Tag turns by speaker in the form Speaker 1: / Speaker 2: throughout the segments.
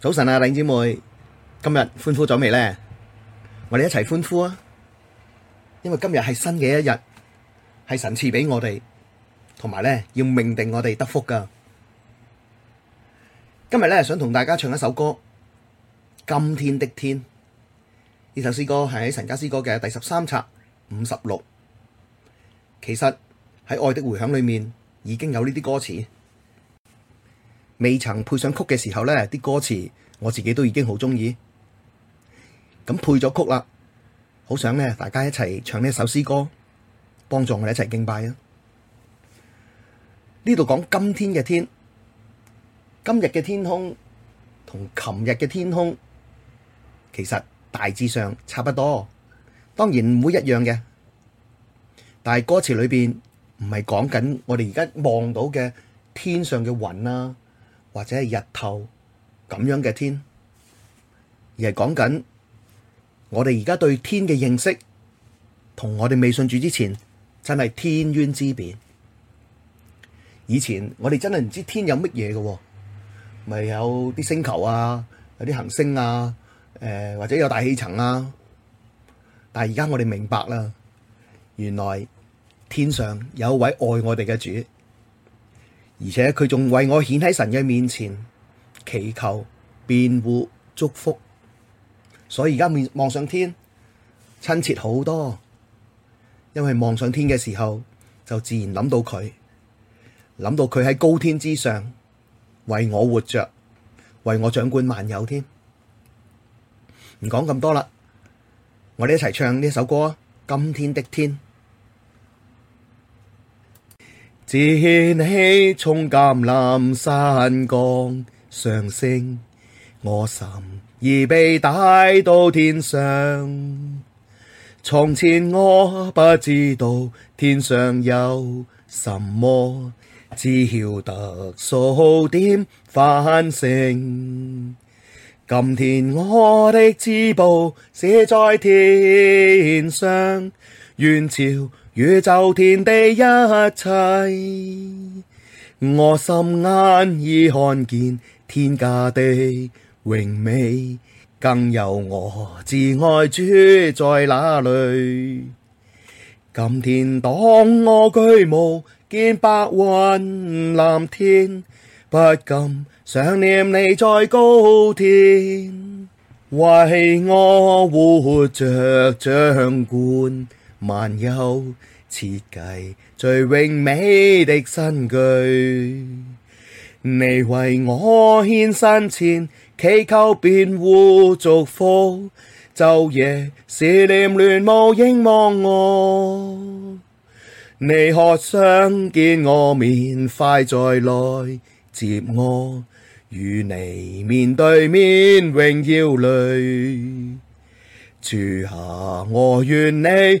Speaker 1: 早晨啊，靚姐妹，今日歡呼咗未呢？我哋一齊歡呼啊！因為今日係新嘅一日，係神賜俾我哋，同埋咧要命定我哋得福㗎。今日咧想同大家唱一首歌《今天的天》，呢首詩歌係喺神家詩歌嘅第十三冊五十六。其實喺愛的回響裏面已經有呢啲歌詞。未曾配上曲嘅時候呢，啲歌詞我自己都已經好鍾意。咁配咗曲啦，好想呢，大家一齊唱呢首詩歌，幫助我哋一齊敬拜啊！呢度講今天嘅天，今日嘅天空同琴日嘅天空其實大致上差不多，當然唔會一樣嘅。但係歌詞裏邊唔係講
Speaker 2: 緊我哋而家望到嘅天上嘅雲啦。或者係日頭咁樣嘅天，而係講緊我哋而家對天嘅認識，同我哋未信主之前真係天淵之別。以前我哋真係唔知天有乜嘢嘅，咪有啲星球啊，有啲行星啊，誒、呃、或者有大氣層啊。但係而家我哋明白啦，原來天上有一位愛
Speaker 1: 我哋嘅主。而且佢仲為我顯喺神嘅面前祈
Speaker 2: 求、辯護、祝福，所以而家面望上天親切好多。因為望上天嘅時候，就自然諗到佢，諗到佢喺高天之上為我活着，
Speaker 1: 為我掌管萬有添。唔講咁多啦，我哋
Speaker 2: 一齊唱呢首歌：今天的天。自祢從橄欖山崗上升，我心已被帶到天上。從前我不知道天上有什麼，只曉得數點繁星。今天我的至寶是在天上，遠超，宇宙天地一切，我心眼已看見天家的榮美，更有我至愛主在那裡。今天當我舉目見白雲、藍天，不禁想念你在高天，為我活着掌管。萬有設計最榮美的新居，你為我顯神前祈求、辯護、祝福，晝夜思念、戀慕、凝望我，你渴相見我面，快再來接我，與你面對面榮耀裡，主啊，我願你。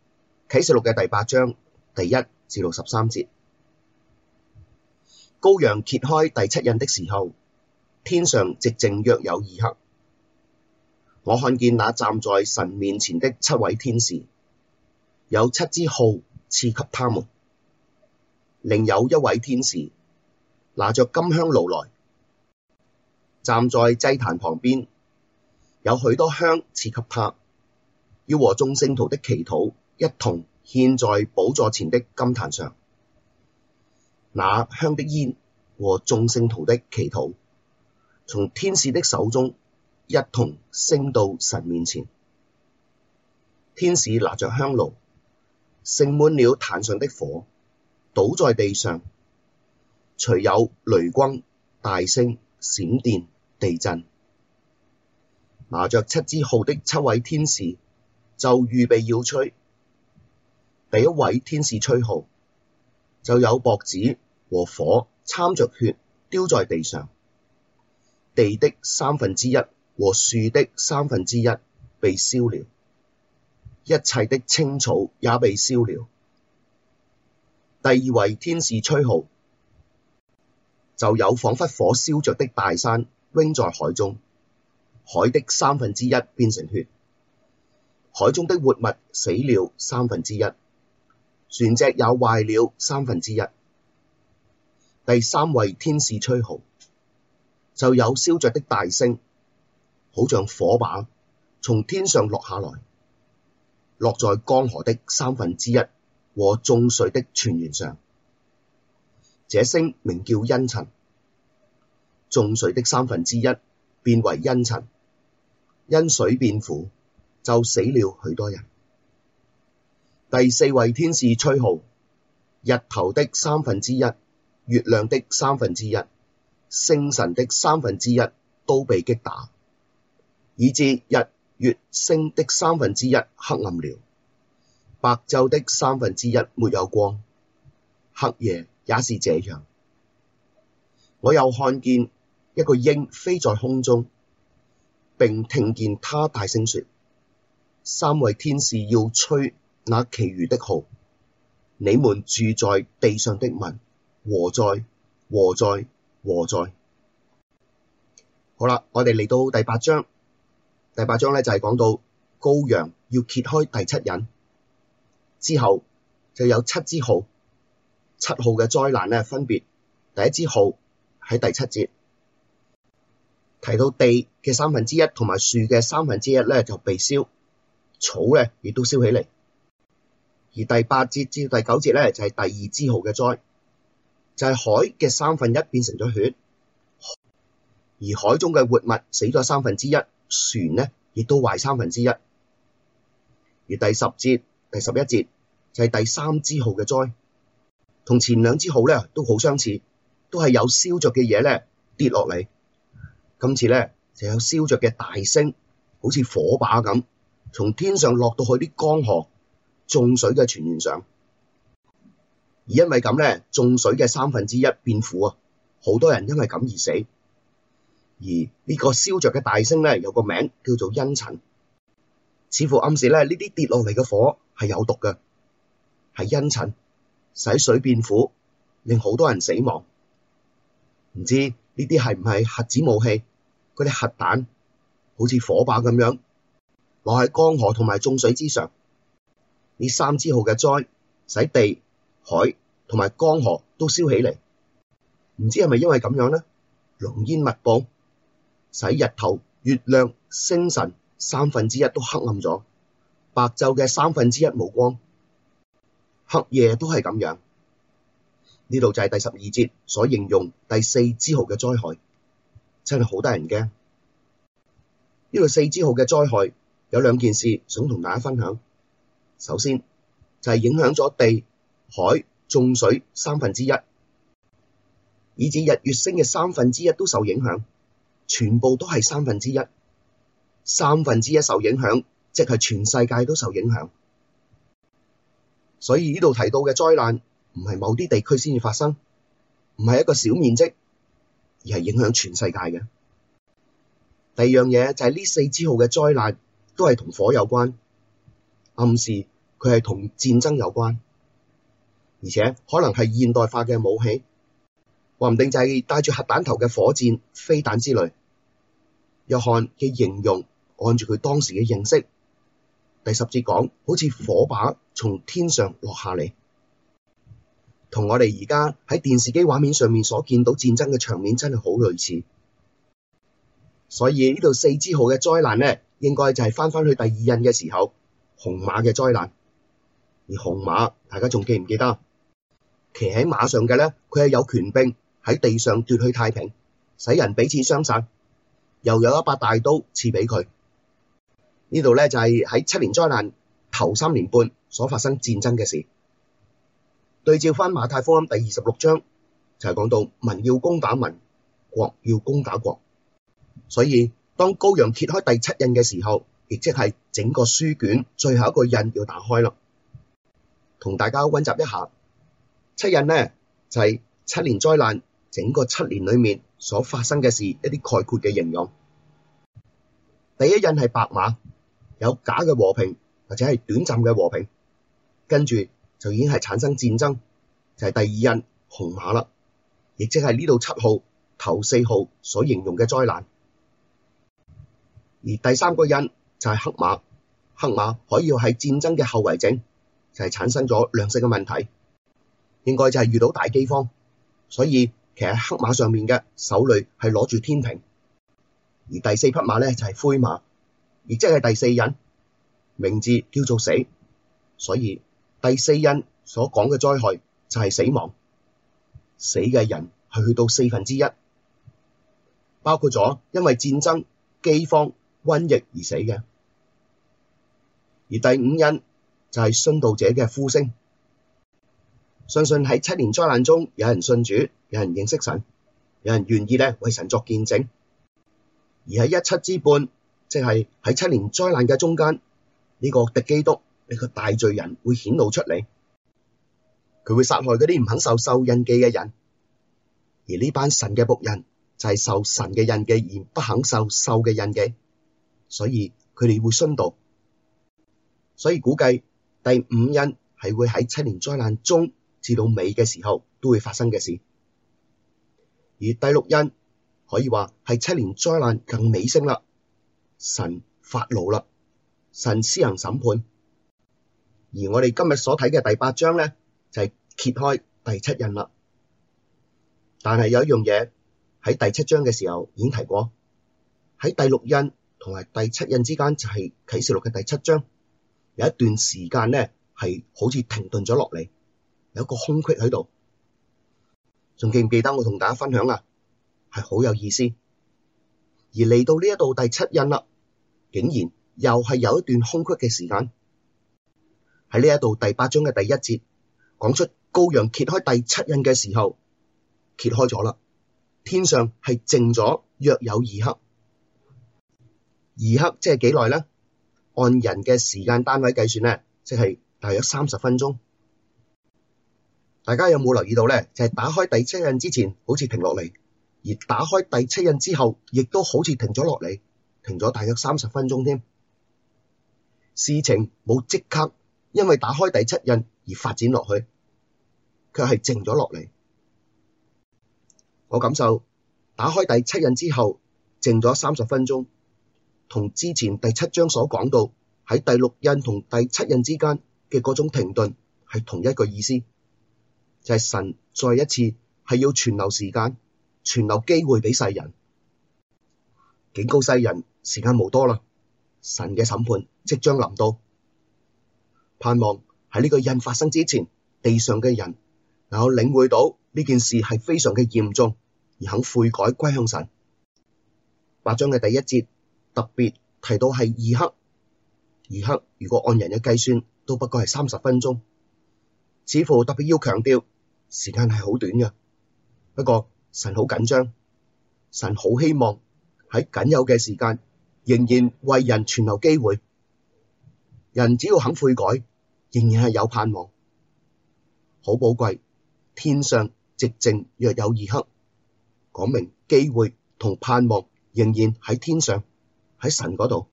Speaker 1: 啟示錄嘅第八章第一至十三節，羔羊揭開第七印的時候，天上寂靜約有二刻。我看見那站在神面前的七位天使，有七支號賜給他們。另有一位天使拿着金香爐來，站在祭壇旁邊，有許多香賜給他，要和眾聖徒的祈禱。一同獻在寶座前的金壇上，那香的煙和眾聖徒的祈禱，從天使的手中一同升到神面前。天使拿着香爐，盛滿了壇上的火，倒在地上，隨有雷轟、大聲、閃電、地震，拿着七枝號的七位天使就預備要吹。第一位天使吹號，就有雹子和火摻着血丟在地上，地的三分之一和樹的三分之一被燒了，一切的青草也被燒了。第二位天使吹號，就有仿佛火燒着的大山扔在海中，海的三分之一變成血，海中的活物死了三分之一。船隻也壞了三分之一。第三位天使吹號，就有燒着的大星，好像火把從天上落下來，落在江河的三分之一和眾水的泉源上。這星名叫茵蔯，眾水的三分之一變為茵蔯，因水變苦，就死了許多人。第四位天使吹號，日頭的三分之一、月亮的三分之一、星辰的三分之一都被擊打，以致日、月、星的三分之一黑暗了，白晝的三分之一沒有光，黑夜也是這樣。我又看見一個鷹飛在空中，並聽見他大聲說：三位天使要吹那其餘的號，你們住在地上的民，禍哉！禍哉！禍哉！好啦，我哋嚟到第八章，第八章咧就係、是、講到羔羊要揭開第七印之後，就有七支號，七號嘅災難咧分別第一支號喺第七節提到地嘅三分之一同埋樹嘅三分之一咧就被燒，草咧亦都燒起嚟。而第八節至到第九節咧，就係、是、第二支號嘅災，就係、是、海嘅三分一變成咗血，而海中嘅活物死咗三分之一，船呢亦都壞三分之一。而第十節、第十一節就係、是、第三支號嘅災，同前兩支號咧都好相似，都係有燒着嘅嘢咧跌落嚟。今次咧就有燒着嘅大星，好似火把咁，從天上落到去啲江河。眾水嘅泉源上，而因為咁咧，眾水嘅三分之一變苦啊，好多人因為咁而死。而呢個燒着嘅大星咧，有個名叫做茵蔯，似乎暗示咧呢啲跌落嚟嘅火係有毒嘅，係茵蔯使水變苦，令好多人死亡。唔知呢啲係唔係核子武器？嗰啲核彈好似火把咁樣落喺江河同埋眾水之上。呢三支號嘅災，使地、海同埋江河都燒起嚟，唔知係咪因為咁樣呢？濃煙密布，使日頭、月亮、星辰三分之一都黑暗咗，白晝嘅三分之一冇光，黑夜都係咁樣。呢度就係第十二節所形容第四支號嘅災害，真係好得人驚。呢度四支號嘅災害有兩件事想同大家分享。首先就係、是、影響咗地、海、眾水三分之一，以致日月星嘅三分之一都受影響，全部都係三分之一，三分之一受影響，即係全世界都受影響。所以呢度提到嘅災難唔係某啲地區先至發生，唔係一個小面積，而係影響全世界嘅。第二樣嘢就係、是、呢四支號嘅災難都係同火有關，暗示。佢係同戰爭有關，而且可能係現代化嘅武器，話唔定就係帶住核彈頭嘅火箭、飛彈之類。約翰嘅形容，按住佢當時嘅認識，第十節講，好似火把從天上落下嚟，同我哋而家喺電視機畫面上面所見到戰爭嘅場面真係好類似。所以呢度四支號嘅災難呢，應該就係翻翻去第二印嘅時候，紅馬嘅災難。而紅馬，大家仲記唔記得騎喺馬上嘅咧？佢係有權柄喺地上奪去太平，使人彼此相殺，又有一把大刀賜俾佢。呢度咧就係、是、喺七年災難頭三年半所發生戰爭嘅事。對照翻馬太福音第二十六章，就係、是、講到民要攻打民，國要攻打國。所以當羔羊揭開第七印嘅時候，亦即係整個書卷最後一個印要打開啦。同大家温習一下七印咧，就係七年災難整個七年裡面所發生嘅事一啲概括嘅形容。第一印係白馬，有假嘅和平或者係短暫嘅和平，跟住就已經係產生戰爭，就係第二印紅馬啦，亦即係呢度七號頭四號所形容嘅災難。而第三個印就係黑馬，黑馬可以喺戰爭嘅後遺症。就係產生咗糧食嘅問題，應該就係遇到大饑荒，所以騎喺黑馬上面嘅手裏係攞住天平，而第四匹馬咧就係、是、灰馬，亦即係第四印，名字叫做死，所以第四印所講嘅災害就係死亡，死嘅人係去到四分之一，包括咗因為戰爭、饑荒、瘟疫而死嘅，而第五印。就係殉道者嘅呼聲。相信喺七年災難中，有人信主，有人認識神，有人願意咧為神作見證。而喺一七之半，即係喺七年災難嘅中間，呢、這個敵基督，呢、這個大罪人會顯露出嚟。佢會殺害嗰啲唔肯受獸印記嘅人。而呢班神嘅僕人就係、是、受神嘅印記而不肯受獸嘅印記，所以佢哋會殉道。所以估計。第五印係會喺七年災難中至到尾嘅時候都會發生嘅事，而第六印可以話係七年災難更尾聲啦，神發怒啦，神施行審判，而我哋今日所睇嘅第八章咧就係、是、揭開第七印啦，但係有一樣嘢喺第七章嘅時候已經提過，喺第六印同埋第七印之間就係啟示錄嘅第七章。有一段時間咧，係好似停頓咗落嚟，有一個空隙喺度。仲記唔記得我同大家分享啊？係好有意思。而嚟到呢一度第七印啦，竟然又係有一段空隙嘅時間。喺呢一度第八章嘅第一節講出羔羊揭開第七印嘅時候，揭開咗啦。天上係靜咗約有二刻，二刻即係幾耐咧？按人嘅時間單位計算呢，即係大約三十分鐘。大家有冇留意到呢？就係、是、打開第七印之前，好似停落嚟；而打開第七印之後，亦都好似停咗落嚟，停咗大約三十分鐘添。事情冇即刻因為打開第七印而發展落去，卻係靜咗落嚟。我感受打開第七印之後，靜咗三十分鐘。同之前第七章所講到喺第六印同第七印之間嘅嗰種停頓係同一個意思，就係神再一次係要存留時間、存留機會俾世人，警告世人時間無多啦，神嘅審判即將臨到，盼望喺呢個印發生之前，地上嘅人能夠領會到呢件事係非常嘅嚴重，而肯悔改歸向神。八章嘅第一節。特別提到係二刻，二刻如果按人嘅計算都不過係三十分鐘，似乎特別要強調時間係好短嘅。不過神好緊張，神好希望喺僅有嘅時間仍然為人存留機會，人只要肯悔改，仍然係有盼望。好寶貴，天上寂靜，約有二刻，講明機會同盼望仍然喺天上。喺神嗰度，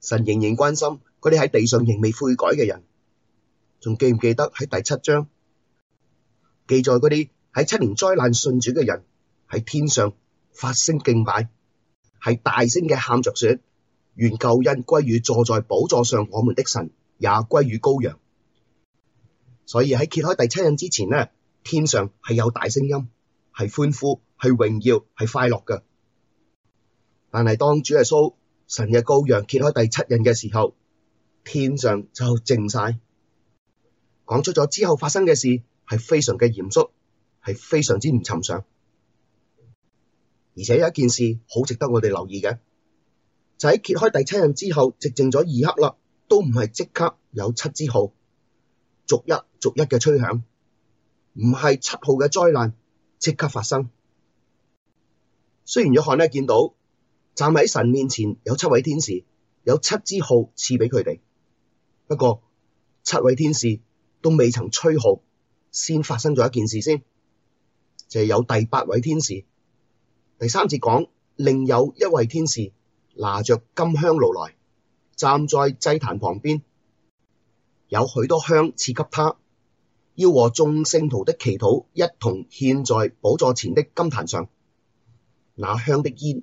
Speaker 1: 神仍然關心嗰啲喺地上仍未悔改嘅人，仲記唔記得喺第七章記載嗰啲喺七年災難信主嘅人喺天上發聲敬拜，係大聲嘅喊着說：願救恩歸於坐在寶座上我們的神，也歸於羔羊。所以喺揭開第七印之前呢，天上係有大聲音，係歡呼，係榮耀，係快樂嘅。但係當主耶穌。神嘅羔羊揭開第七印嘅時候，天上就靜晒，講出咗之後發生嘅事係非常嘅嚴肅，係非常之唔尋常。而且有一件事好值得我哋留意嘅，就喺揭開第七印之後，寂靜咗二刻啦，都唔係即刻有七支號，逐一逐一嘅吹響，唔係七號嘅災難即刻發生。雖然約翰呢見到。站喺神面前，有七位天使，有七支號賜俾佢哋。不過七位天使都未曾吹號，先發生咗一件事先，就是，有第八位天使。第三節講，另有一位天使拿着金香爐來，站在祭壇旁邊，有許多香賜給他，要和眾聖徒的祈禱一同獻在寶座前的金壇上，那香的煙。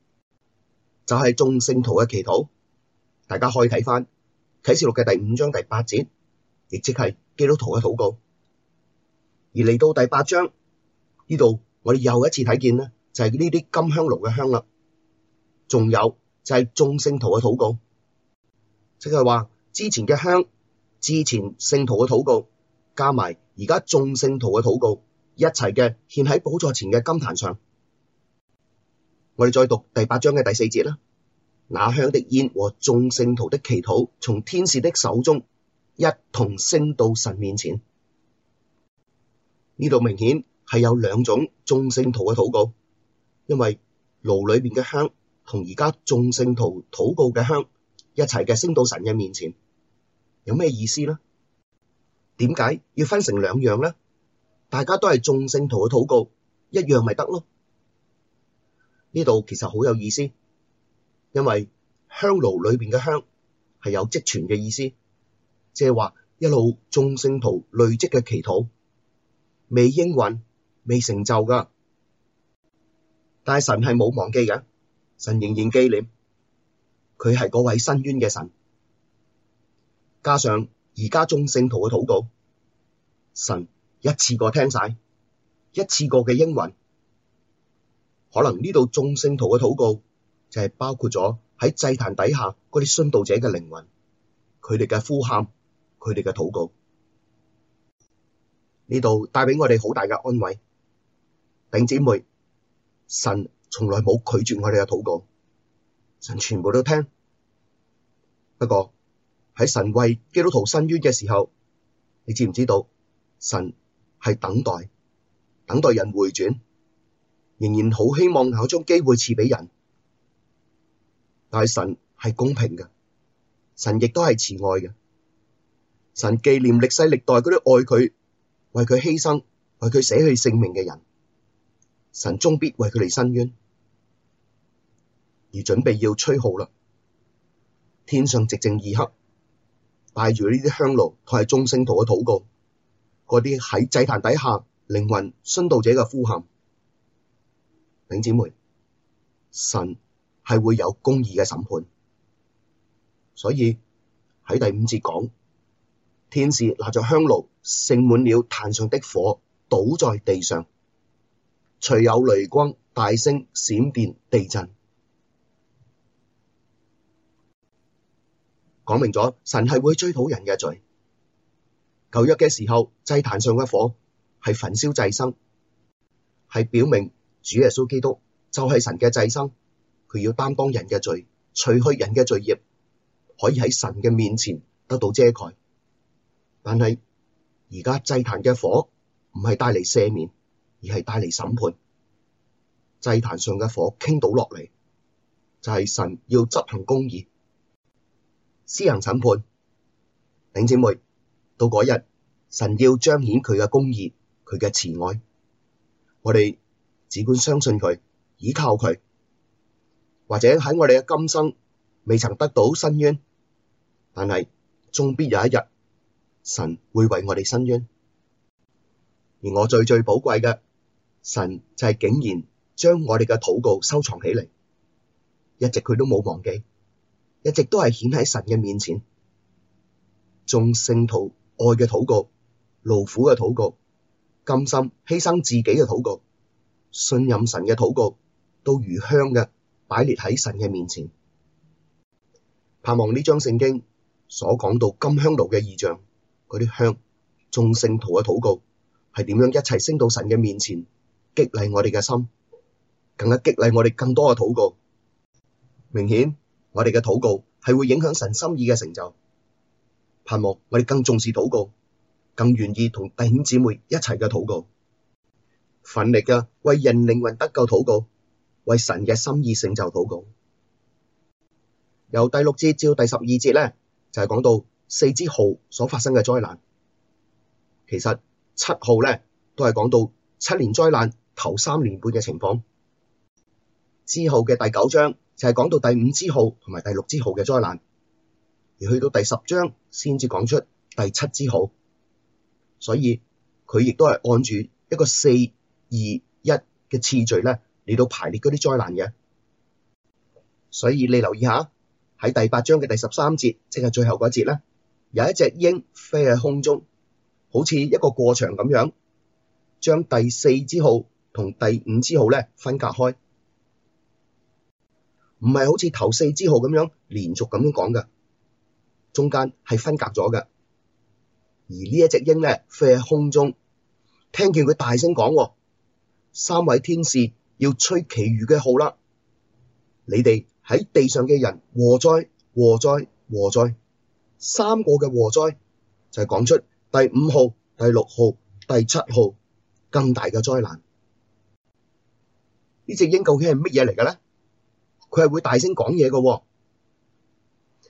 Speaker 1: 就係眾聖徒嘅祈禱，大家可以睇返啟示錄嘅第五章第八節，亦即係基督徒嘅禱告。而嚟到第八章呢度，我哋又一次睇見咧，就係呢啲金香爐嘅香啦，仲有就係眾聖徒嘅禱告，即係話之前嘅香，之前聖徒嘅禱告，加埋而家眾聖徒嘅禱告，一齊嘅獻喺寶座前嘅金壇上。我哋再讀第八章嘅第四節啦。那香的煙和眾聖徒的祈禱，從天使的手中一同升到神面前。呢度明顯係有兩種眾聖徒嘅禱告，因為爐裏面嘅香同而家眾聖徒禱告嘅香一齊嘅升到神嘅面前，有咩意思呢？點解要分成兩樣呢？大家都係眾聖徒嘅禱告，一樣咪得咯。呢度其實好有意思，因為香爐裏邊嘅香係有積存嘅意思，即係話一路眾聖徒累積嘅祈禱未應允未成就噶，但神係冇忘記嘅，神仍然記念佢係嗰位申冤嘅神，加上而家眾聖徒嘅禱告，神一次過聽晒，一次過嘅應允。可能呢度眾聖徒嘅禱告，就係包括咗喺祭壇底下嗰啲殉道者嘅靈魂，佢哋嘅呼喊，佢哋嘅禱告，呢度帶俾我哋好大嘅安慰。弟兄姊妹，神從來冇拒絕我哋嘅禱告，神全部都聽。不過喺神為基督徒伸冤嘅時候，你知唔知道？神係等待，等待人回轉。仍然好希望能夠將機會賜俾人，但係神係公平嘅，神亦都係慈愛嘅。神紀念歷世歷代嗰啲愛佢、為佢犧牲、為佢捨去性命嘅人，神終必為佢哋伸冤，而準備要吹號啦。天上寂靜二刻，帶住呢啲香爐同係眾聖徒嘅禱告，嗰啲喺祭壇底下靈魂殉道者嘅呼喊。弟兄姊妹，神係會有公義嘅審判，所以喺第五節講，天使拿着香爐盛滿了壇上的火，倒在地上，隨有雷光、大聲、閃電、地震，講明咗神係會追討人嘅罪。舊約嘅時候，祭壇上嘅火係焚燒祭牲，係表明。主耶穌基督就係神嘅祭牲，佢要擔當人嘅罪，除去人嘅罪孽，可以喺神嘅面前得到遮蓋。但係而家祭壇嘅火唔係帶嚟赦免，而係帶嚟審判。祭壇上嘅火傾倒落嚟，就係、是、神要執行公義、施行審判。弟兄姊妹，到嗰日神要彰顯佢嘅公義、佢嘅慈愛，我哋，只管相信佢，倚靠佢，或者喺我哋嘅今生未曾得到伸冤，但係終必有一日，神會為我哋伸冤。而我最最寶貴嘅，神就係竟然將我哋嘅禱告收藏起嚟，一直佢都冇忘記，一直都係顯喺神嘅面前，眾聖徒愛嘅禱告、勞苦嘅禱告、甘心犧牲自己嘅禱告。信任神嘅禱告都如香嘅擺列喺神嘅面前，盼望呢張聖經所講到金香爐嘅異象，嗰啲香眾聖徒嘅禱告係點樣一齊升到神嘅面前，激勵我哋嘅心，更加激勵我哋更多嘅禱告。明顯我哋嘅禱告係會影響神心意嘅成就。盼望我哋更重視禱告，更願意同弟兄姊妹一齊嘅禱告。奮力嘅為人靈魂得救禱告，為神嘅心意成就禱告。由第六節至第十二節咧，就係講到四支號所發生嘅災難。其實七號咧都係講到七年災難頭三年半嘅情況，之後嘅第九章就係講到第五支號同埋第六支號嘅災難，而去到第十章先至講出第七支號。所以佢亦都係按住一個四。二一嘅次序咧嚟到排列嗰啲災難嘅，所以你留意下喺第八章嘅第十三節，即係最後嗰一節咧，有一隻鷹飛喺空中，好似一個過場咁樣，將第四支號同第五支號咧分隔開，唔係好似頭四支號咁樣連續咁樣講噶，中間係分隔咗嘅。而呢一隻鷹咧飛喺空中，聽見佢大聲講，哦。三位天使要吹其餘嘅號啦，你哋喺地上嘅人，禍哉！禍哉！禍哉！三個嘅禍哉就係講出第五號、第六號、第七號更大嘅災難。呢隻鷹究竟係乜嘢嚟嘅咧？佢係會大聲講嘢嘅，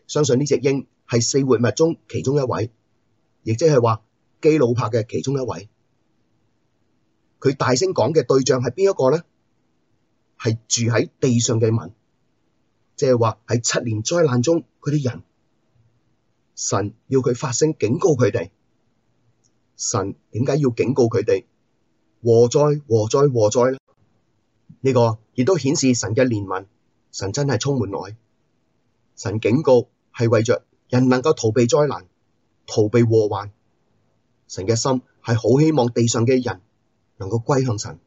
Speaker 1: 相信呢隻鷹係四活物中其中一位，亦即係話基路伯嘅其中一位。佢大聲講嘅對象係邊一個呢？係住喺地上嘅民，即係話喺七年災難中佢啲人，神要佢發聲警告佢哋。神點解要警告佢哋？禍哉禍哉禍哉呢？呢、呢個亦都顯示神嘅憐憫，神真係充滿愛。神警告係為着人能夠逃避災難，逃避禍患。神嘅心係好希望地上嘅人。能夠歸向神，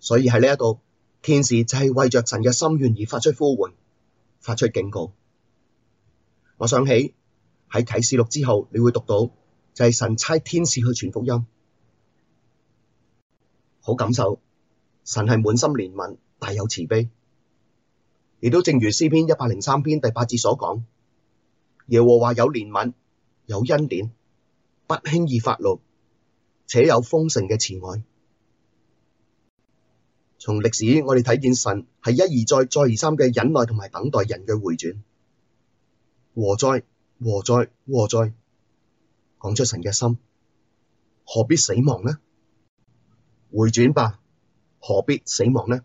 Speaker 1: 所以喺呢一度，天使就係為着神嘅心願而發出呼喚，發出警告。我想起喺啟示錄之後，你會讀到就係神差天使去傳福音，好感受神係滿心憐憫，大有慈悲，亦都正如詩篇一百零三篇第八節所講，耶和華有憐憫，有恩典，不輕易發怒。且有豐盛嘅慈愛。從歷史我哋睇見神係一而再、再而三嘅忍耐同埋等待人嘅回轉。禍哉！禍哉！禍哉！講出神嘅心，何
Speaker 2: 必死亡呢？回轉吧，何必死亡呢？